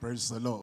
Praise the Lord.